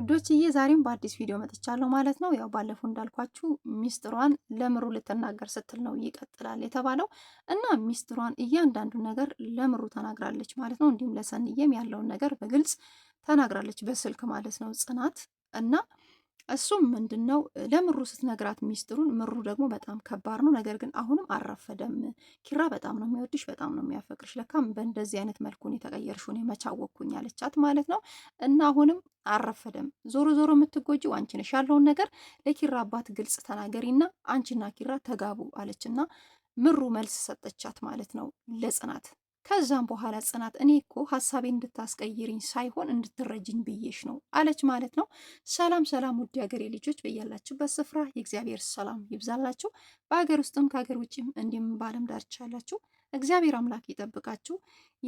ውዶችዬ ዛሬም በአዲስ ቪዲዮ መጥቻለሁ ማለት ነው። ያው ባለፈው እንዳልኳችሁ ሚስጥሯን ለምሩ ልትናገር ስትል ነው ይቀጥላል የተባለው እና ሚስጥሯን እያንዳንዱን ነገር ለምሩ ተናግራለች ማለት ነው። እንዲሁም ለሰንዬም ያለውን ነገር በግልጽ ተናግራለች በስልክ ማለት ነው ጽናት እና እሱም ምንድን ነው ለምሩ ስትነግራት ሚስጥሩን፣ ምሩ ደግሞ በጣም ከባድ ነው፣ ነገር ግን አሁንም አልረፈደም። ኪራ በጣም ነው የሚወድሽ፣ በጣም ነው የሚያፈቅርሽ። ለካም በእንደዚህ አይነት መልኩን የተቀየርሽውን መቻወቅኩኝ አለቻት ማለት ነው። እና አሁንም አረፈደም ዞሮ ዞሮ የምትጎጂው አንቺ ነሽ። ያለውን ነገር ለኪራ አባት ግልጽ ተናገሪና አንቺና ኪራ ተጋቡ አለችና ምሩ መልስ ሰጠቻት ማለት ነው ለጽናት ከዛም በኋላ ጽናት እኔ እኮ ሀሳቤ እንድታስቀይርኝ ሳይሆን እንድትረጅኝ ብዬሽ ነው አለች ማለት ነው። ሰላም ሰላም፣ ውድ ሀገሬ ልጆች በያላችሁበት ስፍራ የእግዚአብሔር ሰላም ይብዛላችሁ። በሀገር ውስጥም ከሀገር ውጭም እንዲሁም በዓለም ዳርቻ ያላችሁ እግዚአብሔር አምላክ ይጠብቃችሁ።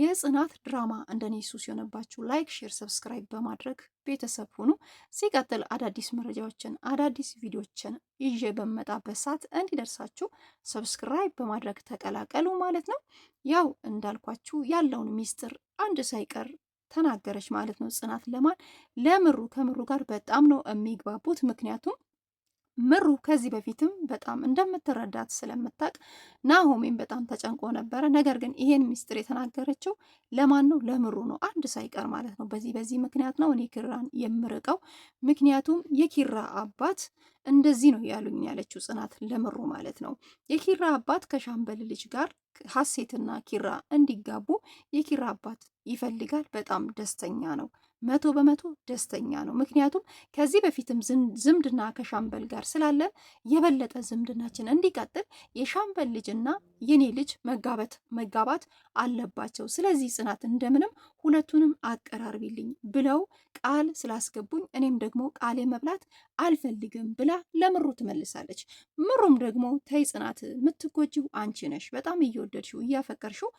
የጽናት ድራማ እንደኔ ሱስ የሆነባችሁ ላይክ፣ ሼር፣ ሰብስክራይብ በማድረግ ቤተሰብ ሁኑ። ሲቀጥል አዳዲስ መረጃዎችን አዳዲስ ቪዲዮችን ይዤ በመጣበት ሰዓት እንዲደርሳችሁ ሰብስክራይብ በማድረግ ተቀላቀሉ ማለት ነው። ያው እንዳልኳችሁ ያለውን ሚስጥር አንድ ሳይቀር ተናገረች ማለት ነው ጽናት ለማን ለምሩ ከምሩ ጋር በጣም ነው የሚግባቡት ምክንያቱም ምሩ ከዚህ በፊትም በጣም እንደምትረዳት ስለምታውቅ ናሆሜን በጣም ተጨንቆ ነበረ። ነገር ግን ይሄን ሚስጥር የተናገረችው ለማን ነው? ለምሩ ነው፣ አንድ ሳይቀር ማለት ነው። በዚህ በዚህ ምክንያት ነው እኔ ኪራን የምርቀው፣ ምክንያቱም የኪራ አባት እንደዚህ ነው ያሉኝ ያለችው ጽናት ለምሩ ማለት ነው። የኪራ አባት ከሻምበል ልጅ ጋር ሀሴትና ኪራ እንዲጋቡ የኪራ አባት ይፈልጋል። በጣም ደስተኛ ነው መቶ በመቶ ደስተኛ ነው። ምክንያቱም ከዚህ በፊትም ዝምድና ከሻምበል ጋር ስላለን የበለጠ ዝምድናችን እንዲቀጥል የሻምበል ልጅና የኔ ልጅ መጋበት መጋባት አለባቸው። ስለዚህ ጽናት እንደምንም ሁለቱንም አቀራርቢልኝ ብለው ቃል ስላስገቡኝ እኔም ደግሞ ቃሌ መብላት አልፈልግም ብላ ለምሩ ትመልሳለች። ምሩም ደግሞ ተይ ጽናት፣ የምትጎጂው አንቺ ነሽ። በጣም እየወደድሽው እያፈቀርሽው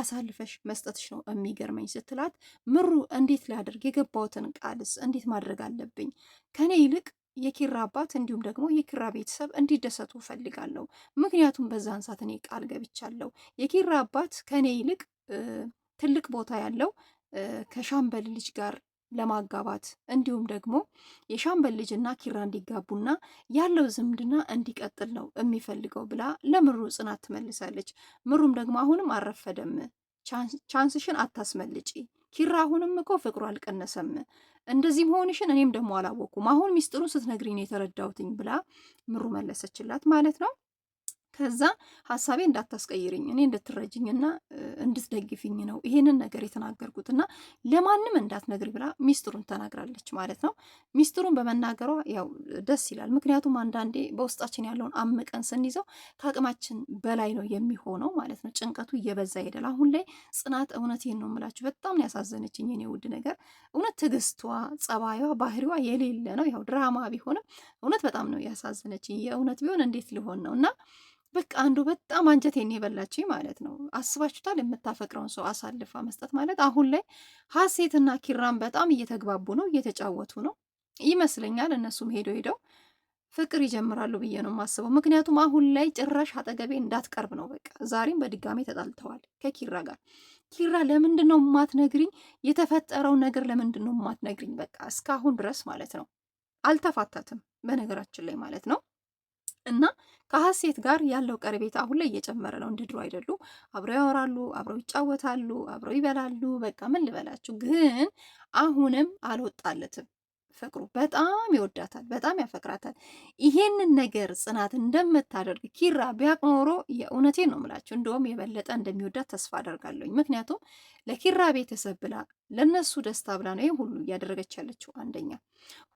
አሳልፈሽ መስጠትሽ ነው የሚገርመኝ ስትላት ምሩ እንዴት ላደርግ የገባሁትን ቃልስ እንዴት ማድረግ አለብኝ? ከኔ ይልቅ የኪራ አባት እንዲሁም ደግሞ የኪራ ቤተሰብ እንዲደሰቱ እፈልጋለሁ። ምክንያቱም በዛን ሰዓት እኔ ቃል ገብቻለሁ። የኪራ አባት ከኔ ይልቅ ትልቅ ቦታ ያለው ከሻምበል ልጅ ጋር ለማጋባት እንዲሁም ደግሞ የሻምበል ልጅና ኪራ እንዲጋቡና ያለው ዝምድና እንዲቀጥል ነው የሚፈልገው ብላ ለምሩ ጽናት ትመልሳለች። ምሩም ደግሞ አሁንም አረፈደም፣ ቻንስሽን አታስመልጪ ኪራ አሁንም እኮ ፍቅሩ አልቀነሰም። እንደዚህ መሆንሽን እኔም ደግሞ አላወኩም። አሁን ሚስጥሩን ስትነግሪኝ የተረዳሁትኝ ብላ ምሩ መለሰችላት ማለት ነው። ከዛ ሀሳቤ እንዳታስቀይርኝ እኔ እንድትረጅኝና እንድትደግፍኝ ነው ይሄንን ነገር የተናገርኩትና ለማንም እንዳትነግሪ ብላ ሚስጥሩን ተናግራለች ማለት ነው። ሚስጥሩን በመናገሯ ያው ደስ ይላል። ምክንያቱም አንዳንዴ በውስጣችን ያለውን አምቀን ስንይዘው ከአቅማችን በላይ ነው የሚሆነው ማለት ነው። ጭንቀቱ እየበዛ ይሄዳል። አሁን ላይ ጽናት እውነቴን ነው የምላችሁ በጣም ነው ያሳዘነችኝ የኔ ውድ ነገር እውነት ትዕግስቷ፣ ጸባዩዋ፣ ባህሪዋ የሌለ ነው። ያው ድራማ ቢሆንም እውነት በጣም ነው ያሳዘነችኝ። የእውነት ቢሆን እንዴት ሊሆን ነው እና በቃ አንዱ በጣም አንጀቴን የበላችኝ ማለት ነው። አስባችሁታል? የምታፈቅረውን ሰው አሳልፋ መስጠት ማለት። አሁን ላይ ሀሴትና ኪራን በጣም እየተግባቡ ነው፣ እየተጫወቱ ነው ይመስለኛል። እነሱም ሄዶ ሄደው ፍቅር ይጀምራሉ ብዬ ነው የማስበው። ምክንያቱም አሁን ላይ ጭራሽ አጠገቤ እንዳትቀርብ ነው በቃ። ዛሬም በድጋሚ ተጣልተዋል ከኪራ ጋር። ኪራ ለምንድን ነው የማትነግሪኝ? የተፈጠረው ነገር ለምንድን ነው የማትነግሪኝ? በቃ እስካሁን ድረስ ማለት ነው አልተፋታትም፣ በነገራችን ላይ ማለት ነው ከሀሴት ጋር ያለው ቀረቤታ አሁን ላይ እየጨመረ ነው። እንደ ድሮ አይደሉም። አብረው ያወራሉ፣ አብረው ይጫወታሉ፣ አብረው ይበላሉ። በቃ ምን ልበላችሁ፣ ግን አሁንም አልወጣለትም። የምትፈቅሩ በጣም ይወዳታል፣ በጣም ያፈቅራታል። ይሄንን ነገር ጽናት እንደምታደርግ ኪራ ቢያውቅ ኖሮ ነው የምላችሁ፣ እንደውም የበለጠ እንደሚወዳት ተስፋ አደርጋለሁኝ። ምክንያቱም ለኪራ ቤተሰብ ብላ ለነሱ ደስታ ብላ ነው ይህ ሁሉ እያደረገች ያለችው። አንደኛ፣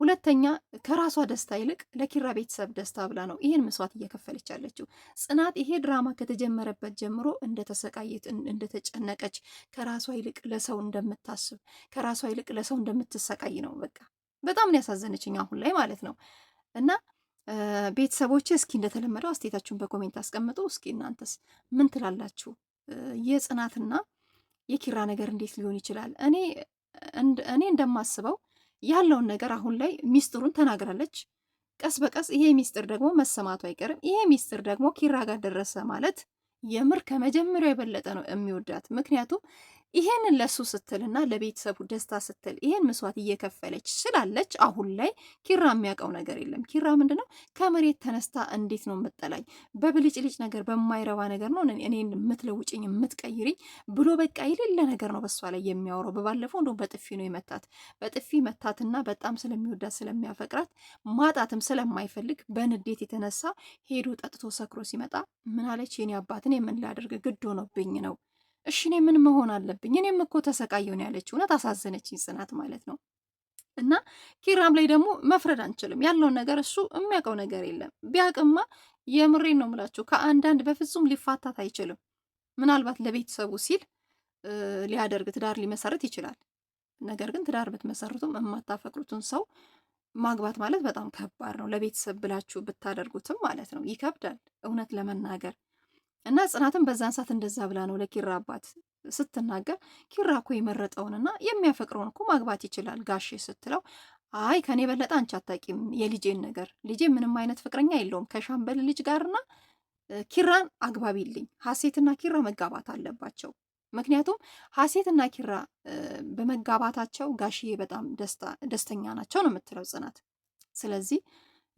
ሁለተኛ ከራሷ ደስታ ይልቅ ለኪራ ቤተሰብ ደስታ ብላ ነው ይህን መስዋዕት እየከፈለች ያለችው። ጽናት ይሄ ድራማ ከተጀመረበት ጀምሮ እንደተሰቃየት፣ እንደተጨነቀች ከራሷ ይልቅ ለሰው እንደምታስብ ከራሷ ይልቅ ለሰው እንደምትሰቃይ ነው በቃ በጣም ነው ያሳዘነችኝ አሁን ላይ ማለት ነው። እና ቤተሰቦች እስኪ እንደተለመደው አስተያየታችሁን በኮሜንት አስቀምጡ። እስኪ እናንተስ ምን ትላላችሁ? የጽናትና የኪራ ነገር እንዴት ሊሆን ይችላል? እኔ እኔ እንደማስበው ያለውን ነገር አሁን ላይ ሚስጥሩን ተናግራለች። ቀስ በቀስ ይሄ ሚስጥር ደግሞ መሰማቱ አይቀርም። ይሄ ሚስጥር ደግሞ ኪራ ጋር ደረሰ ማለት የምር ከመጀመሪያው የበለጠ ነው የሚወዳት ምክንያቱም ይሄንን ለሱ ስትልና ለቤተሰቡ ደስታ ስትል ይሄን መስዋዕት እየከፈለች ስላለች አሁን ላይ ኪራ የሚያውቀው ነገር የለም። ኪራ ምንድነው ከመሬት ተነስታ እንዴት ነው የምጠላኝ በብልጭልጭ ነገር በማይረባ ነገር ነው እኔን የምትለውጭኝ የምትቀይርኝ ብሎ በቃ የሌለ ነገር ነው በሷ ላይ የሚያወራው። በባለፈው እንደውም በጥፊ ነው የመታት። በጥፊ መታትና በጣም ስለሚወዳት ስለሚያፈቅራት ማጣትም ስለማይፈልግ በንዴት የተነሳ ሄዶ ጠጥቶ ሰክሮ ሲመጣ ምን አለች የኔ አባትን የምን ላደርግ ግድ ሆኖብኝ ነው እሺ እኔ ምን መሆን አለብኝ? እኔም እኮ ተሰቃየሁ ነው ያለች እውነት አሳዘነችኝ ጽናት ማለት ነው። እና ኪራም ላይ ደግሞ መፍረድ አንችልም። ያለውን ነገር እሱ የሚያውቀው ነገር የለም። ቢያውቅማ የምሬን ነው የምላችሁ ከአንዳንድ በፍጹም ሊፋታት አይችልም። ምናልባት ለቤተሰቡ ሲል ሊያደርግ ትዳር ሊመሰርት ይችላል። ነገር ግን ትዳር ብትመሰርቱም የማታፈቅሩትን ሰው ማግባት ማለት በጣም ከባድ ነው። ለቤተሰብ ብላችሁ ብታደርጉትም ማለት ነው ይከብዳል፣ እውነት ለመናገር እና ጽናትም በዛን ሰዓት እንደዛ ብላ ነው ለኪራ አባት ስትናገር፣ ኪራ እኮ የመረጠውንና የሚያፈቅረውን እኮ ማግባት ይችላል ጋሼ ስትለው አይ ከኔ በለጠ አንቺ አታውቂም የልጄን ነገር። ልጄ ምንም አይነት ፍቅረኛ የለውም ከሻምበል ልጅ ጋርና ኪራን አግባቢልኝ። ሀሴትና ኪራ መጋባት አለባቸው። ምክንያቱም ሀሴትና ኪራ በመጋባታቸው ጋሽዬ በጣም ደስተኛ ናቸው ነው የምትለው ጽናት። ስለዚህ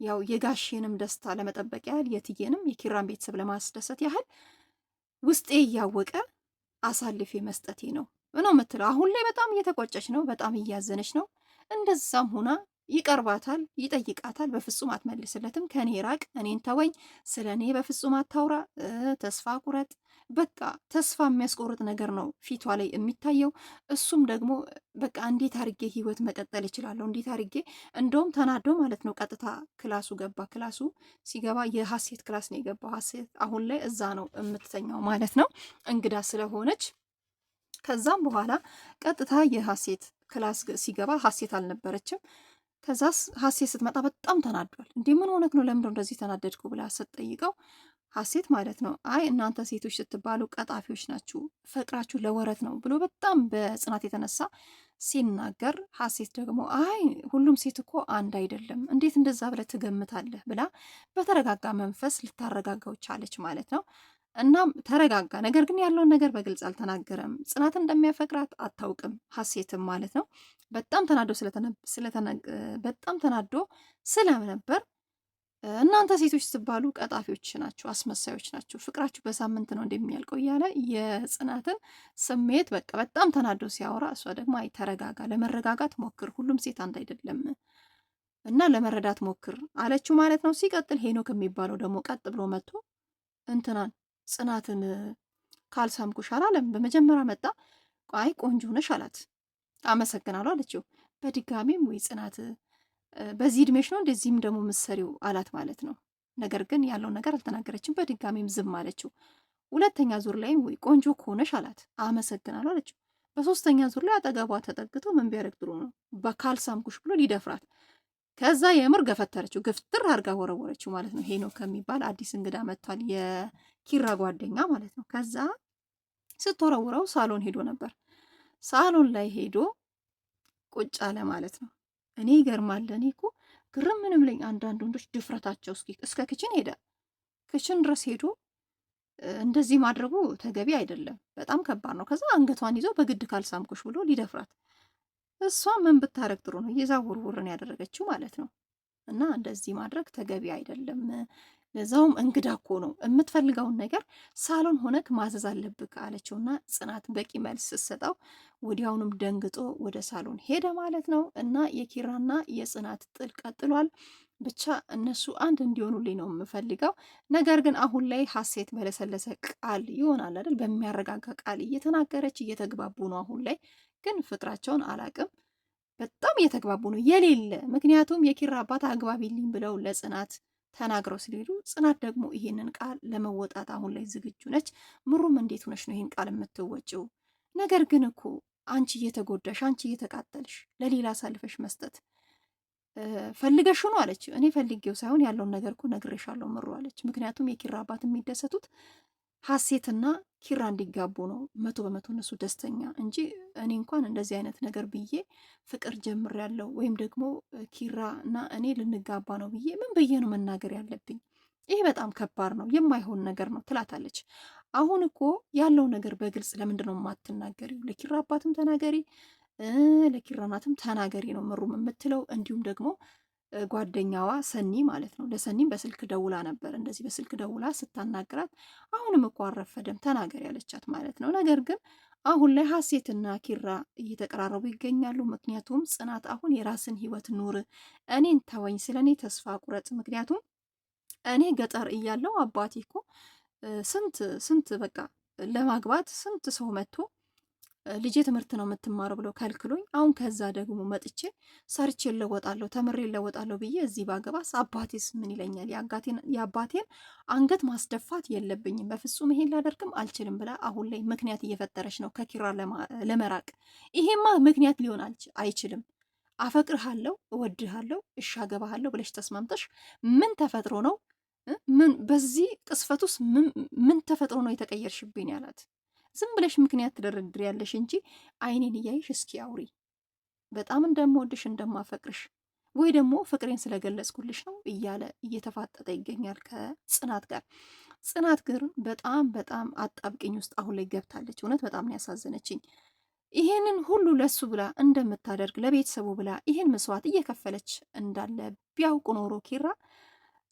ያው የጋሼንም ደስታ ለመጠበቅ ያህል የትዬንም የኪራን ቤተሰብ ለማስደሰት ያህል ውስጤ እያወቀ አሳልፌ መስጠቴ ነው ነው የምትለው። አሁን ላይ በጣም እየተቆጨች ነው፣ በጣም እያዘነች ነው። እንደዛም ሆና ይቀርባታል፣ ይጠይቃታል። በፍጹም አትመልስለትም። ከኔ ራቅ፣ እኔን ተወኝ፣ ስለ እኔ በፍጹም አታውራ፣ ተስፋ ቁረጥ በቃ ተስፋ የሚያስቆርጥ ነገር ነው ፊቷ ላይ የሚታየው። እሱም ደግሞ በቃ እንዴት አርጌ ህይወት መቀጠል ይችላለሁ? እንዴት አርጌ እንደውም ተናዶ ማለት ነው ቀጥታ ክላሱ ገባ። ክላሱ ሲገባ የሀሴት ክላስ ነው የገባው። ሀሴት አሁን ላይ እዛ ነው የምትተኛው ማለት ነው እንግዳ ስለሆነች። ከዛም በኋላ ቀጥታ የሀሴት ክላስ ሲገባ ሀሴት አልነበረችም። ከዛስ ሀሴት ስትመጣ በጣም ተናዷል። እንዲህ ምን ሆነክ ነው ለምንድነው እንደዚህ ተናደድኩ ብላ ስትጠይቀው ሀሴት ማለት ነው። አይ እናንተ ሴቶች ስትባሉ ቀጣፊዎች ናችሁ፣ ፍቅራችሁ ለወረት ነው ብሎ በጣም በጽናት የተነሳ ሲናገር፣ ሀሴት ደግሞ አይ ሁሉም ሴት እኮ አንድ አይደለም፣ እንዴት እንደዛ ብለህ ትገምታለህ? ብላ በተረጋጋ መንፈስ ልታረጋጋው ቻለች ማለት ነው። እናም ተረጋጋ። ነገር ግን ያለውን ነገር በግልጽ አልተናገረም። ጽናት እንደሚያፈቅራት አታውቅም ሀሴትም ማለት ነው። በጣም ተናዶ በጣም ተናዶ ስለነበር እናንተ ሴቶች ስትባሉ ቀጣፊዎች ናቸው፣ አስመሳዮች ናቸው፣ ፍቅራችሁ በሳምንት ነው እንደሚያልቀው እያለ የጽናትን ስሜት በቃ በጣም ተናዶ ሲያወራ፣ እሷ ደግሞ አይ ተረጋጋ፣ ለመረጋጋት ሞክር፣ ሁሉም ሴት አንድ አይደለም እና ለመረዳት ሞክር አለችው ማለት ነው። ሲቀጥል ሄኖክ የሚባለው ደግሞ ቀጥ ብሎ መጥቶ እንትናን ጽናትን ካልሳምኩሽ አላለም። በመጀመሪያ መጣ፣ አይ ቆንጆ ነሽ አላት። አመሰግናለሁ አለችው። በድጋሚም ወይ ጽናት በዚህ እድሜሽ ነው እንደዚህም ደግሞ ምሰሪው አላት ማለት ነው። ነገር ግን ያለው ነገር አልተናገረችም። በድጋሚም ዝም አለችው። ሁለተኛ ዙር ላይም ወይ ቆንጆ ከሆነሽ አላት። አመሰግናለሁ አለችው። በሶስተኛ ዙር ላይ አጠገቧ ተጠግቶ ምን ቢያደርግ ጥሩ ነው በካልሳምኩሽ ብሎ ሊደፍራት ከዛ የምር ገፈተረችው። ግፍትር አድርጋ ወረወረችው ማለት ነው። ሄኖክ ከሚባል አዲስ እንግዳ መጥቷል፣ የኪራ ጓደኛ ማለት ነው። ከዛ ስትወረውረው ሳሎን ሄዶ ነበር። ሳሎን ላይ ሄዶ ቁጭ አለ ማለት ነው። እኔ ይገርማል። እኔ እኮ ግርም ምንም ለኝ አንዳንድ ወንዶች ድፍረታቸው እስኪ እስከ ክችን ሄደ ክችን ድረስ ሄዶ እንደዚህ ማድረጉ ተገቢ አይደለም። በጣም ከባድ ነው። ከዛ አንገቷን ይዞ በግድ ካልሳምኩሽ ብሎ ሊደፍራት እሷ ምን ብታረግ ጥሩ ነው? እየዛ ውርውርን ያደረገችው ማለት ነው። እና እንደዚህ ማድረግ ተገቢ አይደለም። ለዛውም እንግዳ እኮ ነው የምትፈልገውን ነገር ሳሎን ሆነክ ማዘዝ አለብክ አለችውና ጽናት በቂ መልስ ስትሰጠው ወዲያውኑም ደንግጦ ወደ ሳሎን ሄደ ማለት ነው። እና የኪራና የጽናት ጥል ቀጥሏል። ብቻ እነሱ አንድ እንዲሆኑልኝ ነው የምፈልገው። ነገር ግን አሁን ላይ ሀሴት በለሰለሰ ቃል ይሆናል አይደል፣ በሚያረጋጋ ቃል እየተናገረች እየተግባቡ ነው። አሁን ላይ ግን ፍቅራቸውን አላቅም በጣም እየተግባቡ ነው የሌለ ምክንያቱም የኪራ አባት አግባቢልኝ ብለው ለጽናት ተናግረው ስለሄዱ ጽናት ደግሞ ይሄንን ቃል ለመወጣት አሁን ላይ ዝግጁ ነች። ምሩም እንዴት ሆነች ነው ይህን ቃል የምትወጪው? ነገር ግን እኮ አንቺ እየተጎዳሽ፣ አንቺ እየተቃጠልሽ ለሌላ አሳልፈሽ መስጠት ፈልገሽ ሆኖ አለች። እኔ ፈልጌው ሳይሆን ያለውን ነገር እኮ ነግሬሻለሁ ምሩ አለች። ምክንያቱም የኪራ አባት የሚደሰቱት ሀሴትና ኪራ እንዲጋቡ ነው መቶ በመቶ እነሱ ደስተኛ እንጂ እኔ እንኳን እንደዚህ አይነት ነገር ብዬ ፍቅር ጀምር ያለው ወይም ደግሞ ኪራ እና እኔ ልንጋባ ነው ብዬ ምን ብዬ ነው መናገር ያለብኝ? ይሄ በጣም ከባድ ነው፣ የማይሆን ነገር ነው ትላታለች። አሁን እኮ ያለው ነገር በግልጽ ለምንድን ነው የማትናገሪው? ለኪራ አባትም ተናገሪ፣ ለኪራ እናትም ተናገሪ ነው ምሩም የምትለው። እንዲሁም ደግሞ ጓደኛዋ ሰኒ ማለት ነው። ለሰኒም በስልክ ደውላ ነበር። እንደዚህ በስልክ ደውላ ስታናግራት አሁንም እኮ አረፈደም ተናገር ያለቻት ማለት ነው። ነገር ግን አሁን ላይ ሀሴትና ኪራ እየተቀራረቡ ይገኛሉ። ምክንያቱም ጽናት አሁን የራስን ህይወት ኑር፣ እኔን ተወኝ፣ ስለ እኔ ተስፋ ቁረጥ። ምክንያቱም እኔ ገጠር እያለው አባቴ እኮ ስንት ስንት በቃ ለማግባት ስንት ሰው መጥቶ ልጄ ትምህርት ነው የምትማረው ብሎ ከልክሎኝ፣ አሁን ከዛ ደግሞ መጥቼ ሰርቼ እለወጣለሁ ተምሬ እለወጣለሁ ብዬ እዚህ ባገባስ አባቴስ ምን ይለኛል? የአባቴን አንገት ማስደፋት የለብኝም በፍጹም ይሄን ላደርግም አልችልም ብላ አሁን ላይ ምክንያት እየፈጠረች ነው ከኪራ ለመራቅ። ይሄማ ምክንያት ሊሆን አይችልም። አፈቅርሃለሁ፣ እወድሃለሁ፣ እሻገባሃለሁ ብለሽ ተስማምተሽ ምን ተፈጥሮ ነው ምን በዚህ ቅስፈት ውስጥ ምን ተፈጥሮ ነው የተቀየርሽብኝ? ያላት ዝም ብለሽ ምክንያት ትደረድር ያለሽ እንጂ አይኔን እያይሽ እስኪ አውሪ በጣም እንደምወድሽ እንደማፈቅርሽ ወይ ደግሞ ፍቅሬን ስለገለጽኩልሽ ነው እያለ እየተፋጠጠ ይገኛል ከጽናት ጋር። ጽናት ግን በጣም በጣም አጣብቂኝ ውስጥ አሁን ላይ ገብታለች። እውነት በጣም ነው ያሳዘነችኝ። ይሄንን ሁሉ ለሱ ብላ እንደምታደርግ ለቤተሰቡ ብላ ይሄን መስዋዕት እየከፈለች እንዳለ ቢያውቅ ኖሮ ኪራ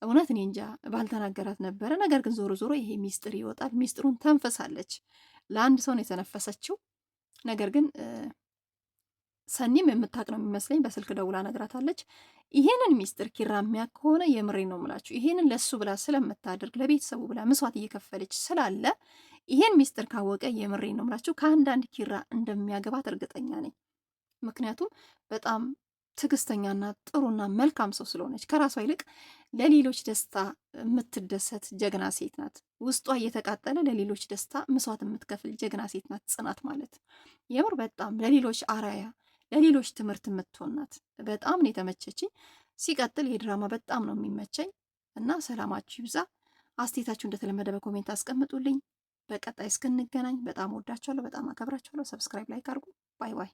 እውነት እኔ እንጃ ባልተናገራት ነበረ። ነገር ግን ዞሮ ዞሮ ይሄ ሚስጥር ይወጣል። ሚስጥሩን ተንፈሳለች። ለአንድ ሰው ነው የተነፈሰችው። ነገር ግን ሰኒም የምታውቅ ነው የሚመስለኝ። በስልክ ደውላ ነግራታለች። ይሄንን ሚስጥር ኪራ የሚያውቅ ከሆነ የምሬ ነው የምላችሁ ይሄንን ለሱ ብላ ስለምታደርግ ለቤተሰቡ ብላ መስዋዕት እየከፈለች ስላለ ይሄን ሚስጥር ካወቀ የምሬ ነው የምላችሁ ከአንዳንድ ኪራ እንደሚያገባት እርግጠኛ ነኝ። ምክንያቱም በጣም ትዕግስተኛና ጥሩና መልካም ሰው ስለሆነች ከራሷ ይልቅ ለሌሎች ደስታ የምትደሰት ጀግና ሴት ናት። ውስጧ እየተቃጠለ ለሌሎች ደስታ መስዋዕት የምትከፍል ጀግና ሴት ናት ጽናት ማለት። የምር በጣም ለሌሎች አራያ፣ ለሌሎች ትምህርት የምትሆን ናት። በጣም ነው የተመቸችኝ። ሲቀጥል የድራማ በጣም ነው የሚመቸኝ እና ሰላማችሁ ይብዛ። አስቴታችሁ እንደተለመደ በኮሜንት አስቀምጡልኝ። በቀጣይ እስክንገናኝ በጣም ወዳችኋለሁ፣ በጣም አከብራችኋለሁ። ሰብስክራይብ፣ ላይክ አድርጉ። ባይ ባይ።